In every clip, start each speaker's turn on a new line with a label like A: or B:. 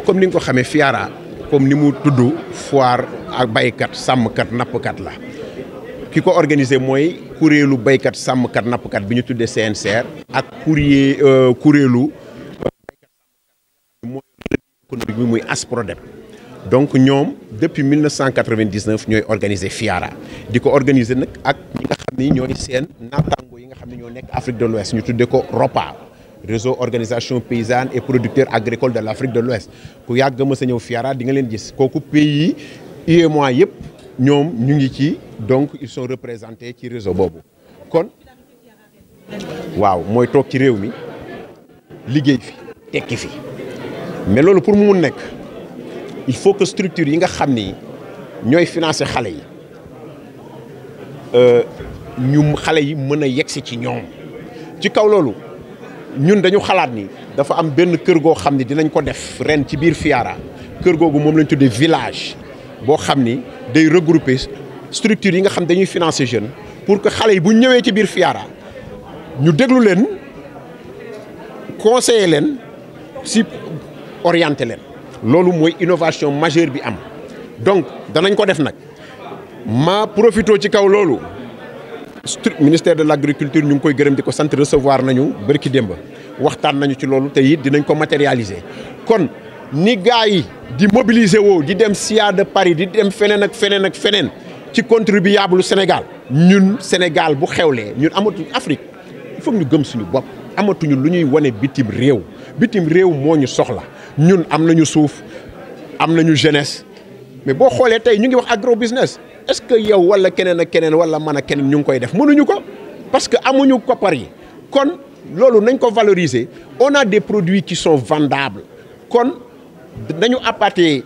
A: comme ni nga ko xamee FIARA comme ni mu tudd foire ak baykat sàmmkat nappkat la ki ko organisé mooy kuréelu baykat sàmmkat nappkat bi ñu tuddee CNCR. ak kuréel euh, kuréelu mooy économique bi muy ASPRODEP. donc ñoom depuis 1999 ñooy organiser FIARA di ko organiser nag ak ñi nga xam ni ñooy seen naataango yi nga xam ne ñoo nekk Afrique de l'Ouest ñu tuddee ko ROPA réseau organisation paysanne et producteurs agricoles de l'Afrique de l'Ouest ku yàgg ma sa ñëw FIARA di nga leen gis kooku pays yi UEMOA yëpp ñoom ñu ngi ci donc ils sont représentés ci réseau boobu kon waaw mooy toog ci réew mi liggéey fi tekki fi mais loolu pour mu mun nekk il faut que structure yi nga xam ni ñooy financer xale yi euh, ñu xale yi mën a yegsi ci ñoom ci kaw loolu ñun dañu xalaat ni dafa am benn kër goo xam ni dinañ ko def ren ci biir Fiara kër googu moom lañ tuddee village boo xam ni day regrouper structure yi nga xam dañuy financer jeunes pour que xale yi bu ñëwee ci biir Fiara ñu déglu leen conseiller leen si orienter leen loolu mooy innovation majeure bi am donc danañ ko def nag ma profité ci kaw loolu ministère de l' agriculture ñu ngi koy gërëm di ko sant recevoir nañu bërki démb waxtaan nañu ci loolu te it dinañ ko matérialiser kon ni gars yi di mobiliser woo di dem SIA de Paris di dem feneen ak feneen ak feneen ci contribuable Sénégal ñun Sénégal bu xewlee ñun amatuñu Afrique il ñu gëm suñu bopp amatuñu lu ñuy wane bitim réew bitim réew moo ñu soxla ñun am nañu suuf am nañu jeunesse mais boo xoolee tey ñu ngi wax agro business est-ce que yow wala keneen ak keneen wala man ak keneen ñu ngi koy def mënuñu ko parce que amuñu koppar yi kon loolu nañ ko valoriser on a des produits qui sont vendables kon nañu appâter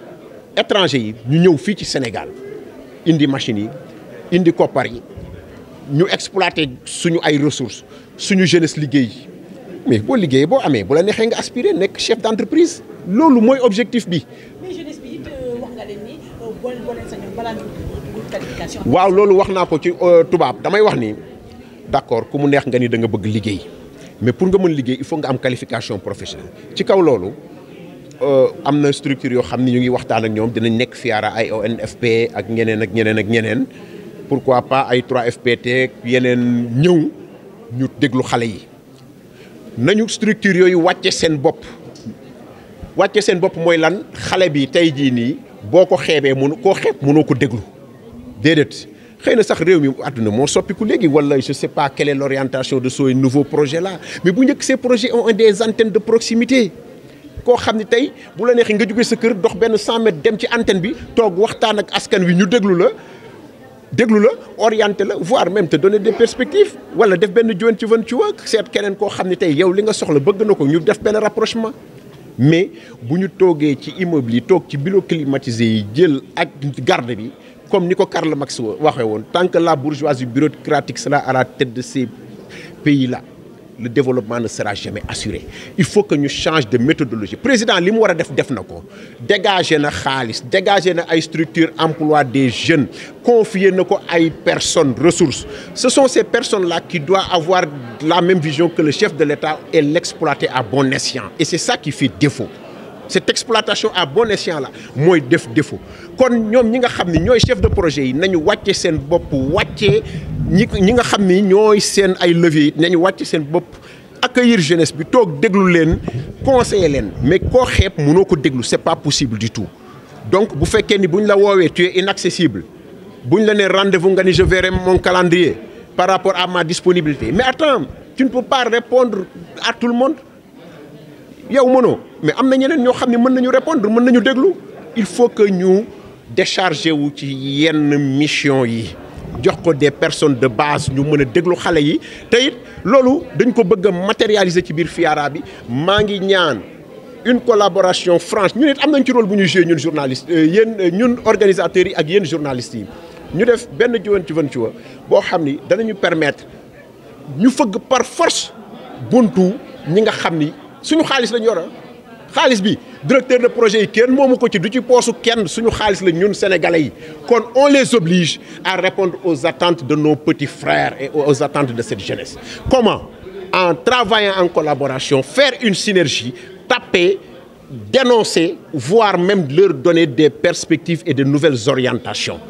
A: étranger yi ñu ñëw fii ci Sénégal indi machines yi indi koppar yi ñu exploiter suñu ay ressources suñu jeunesse liggéey mais boo liggéeyee boo amee bu la neexee nga aspirer nekk chef d'entreprise loolu mooy objectif bi. waaw loolu wax naa ko ci euh, tubaab damay wax ni d'accord ku mu neex nga ni da nga bëgg liggéey mais pour nga mën liggéey il faut nga am qualification professionnelle ci kaw loolu euh, am na structure yoo xam ni ñu ngi waxtaan ak ñoom dinañ nekk FIARA ay ONFP ak ñeneen ak ñeneen ak ñeneen pourquoi pas ay trois fpt yeneen ñëw ñu déglu xale yi nañu structure yooyu wàcce seen bopp. wàcce seen bopp mooy lan xale bi tey jii nii boo ko xeebee mënu koo xeeb mënu ko déglu déedéet xëy na sax réew mi àdduna moo soppiku léegi wala je sais pas quelle est l'orientation de ce nouveau projet la mi bu njëkk ces projets ont des antennes de proximité koo xam ne tey bu la neexee nga jógee sa kër dox benn cent mètres dem ci antenne bi toog waxtaan ak askan wi ñu déglu la déglu la orienté la voire même te donner des perspectives wala def benn joint ci van ci seet keneen koo xam ne tey yow li nga soxla bëgg na ko ñu def benn rapprochement mais bu ñu toogee ci immeuble yi toog ci bureau climatisé yi jël ak garde bi comme ni ko Karl Marx waxee woon tant que la bourgeoisie bureaucratique sera à la tête de ces pays la le développement ne sera jamais assuré il faut que ñu change de méthodologie président li mu war a def def na ko dégager na xaalis dégager na ay structure emploi des jeunes confier na ko ay personnes ressources ce sont ces personnes là qui doivent avoir la même vision que le chef de l'État et l'exploiter à bon escient et c'est ça qui fait défaut cette exploitation à bon escient la mooy def défaut kon ñoom ñi nga xam ni ñooy chef de projet yi nañu wàcce seen bopp wàcce ñi ñi nga xam ni ñooy seen ay levier yi nañu wàcce seen bopp accueillir jeunesse bi toog déglu leen conseiller leen mais koo xeep mënoo ko déglu c'est pas possible du tout donc bu fekkee ni bu ñu la woowee tu es inaccessible bu la nee rendez-vous nga ni je verrai mon calendrier par rapport à ma disponibilité mais attends tu ne peux à tout le monde yow mënoo mais am na ñeneen ñoo xam ne mën nañu répondre mën nañu déglu il faut que ñu décharger wu ci yenn mission yi jox ko des personnes de base ñu mën a déglu xale yi tey loolu dañ ko bëgg a matérialiser ci biir FIARA bi maa ngi ñaan une collaboration franche ñu nit am nañ ci rôle bu ñu joué ñun journaliste euh, yéen ñun organisateurs yi ak yéen journalistes yi ñu def benn jiwan ci van ci wa boo xam ni danañu permettre ñu fëgg par force buntu ñi nga xam ni suñu xaalis lañ ñora xaalis bi directeur de projet yi kenn moomu ko ci du ci poosu kenn suñu xaalis la ñun sénégalais yi kon on les oblige à répondre aux attentes de nos petits frères et aux attentes de cette jeunesse comment en travaillant en collaboration faire une synergie taper dénoncer voire même leur donner des perspectives et de nouvelles orientations